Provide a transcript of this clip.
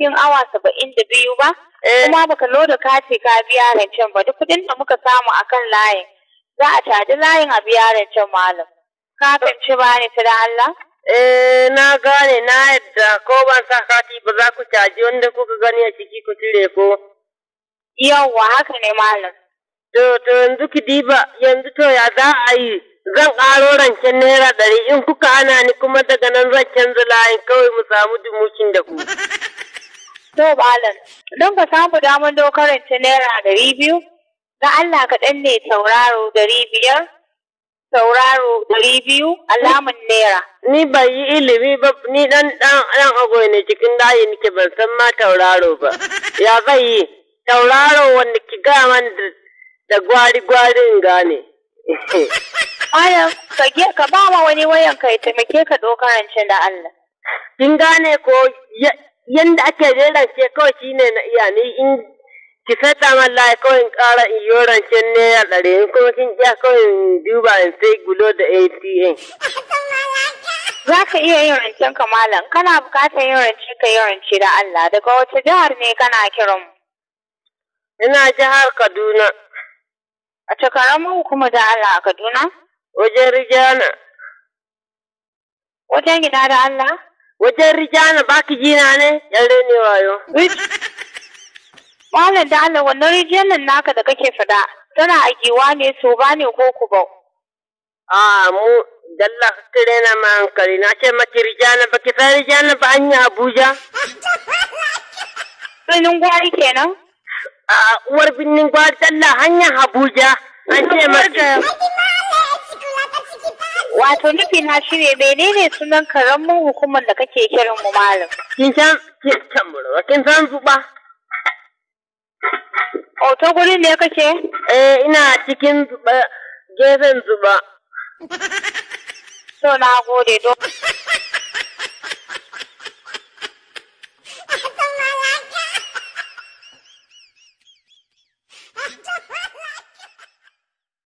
cikin awa saba'in da biyu ba eh. kuma baka loda kati ka biya rancen ba duk kudin da muka samu akan layin za a caji layin a biya rancen malam ka fahimci ba ne ta da Allah Eh na gane na yadda ko ban sa kati ba za ku caji wanda kuka gani a ciki ku cire ko yawwa haka ne malam To, to yanzu ki diba yanzu to ya za a yi zan ƙaro rancen naira ɗari in kuka ana ni kuma daga nan zan canza layin kawai mu samu dumukin da ku. To Malam, don ka samu damar dokarin ta naira dari biyu, za Allah kaɗan ne tauraro dari biyar, tauraro dari biyu alamun naira. Ni ba yi ilimi ba, ni ɗan ɗan agoyi ne cikin dayi nike ban san ma tauraro ba. Ya bai yi, tauraro wanda ki gaya man da gwari-gwarin gane. Aya, ka ba wa wani wayan ka taimake ka dokarancin da Allah. Kin gane ko yanda ake rance kawai shine na iya ni in ki sai man layi kawai in ƙara in yi ne naira ɗari in kuma kin iya kawai in duba in sai gulo da atm. Za ka iya yin rancen kamalan kana bukatar yin rance ka yi rance da Allah daga wata jihar ne kana kiran Ina jihar Kaduna. A cakarar kuma da Allah a Kaduna? Wajen Rijana. Wajen gida da Allah? wajen rijana baki jina ne yan rene wayo. Malam da Allah wannan rijiyar nan naka da kake fada tana a giwa ne so ba ne ko ku ba. A mu dalla kire na ma hankali na ce maki rijana ba ki san rijana ba an yi Abuja. Binin gwari kenan? A uwar binin gwari dalla hanyar Abuja an ce maki. Wato nufi na shirya, bene ne sunan mun hukumar da kake kirin mu malam? Kin san kin san zuba. O to gurin ne kake? Eh ina cikin zuba gefen zuba. So na gode don.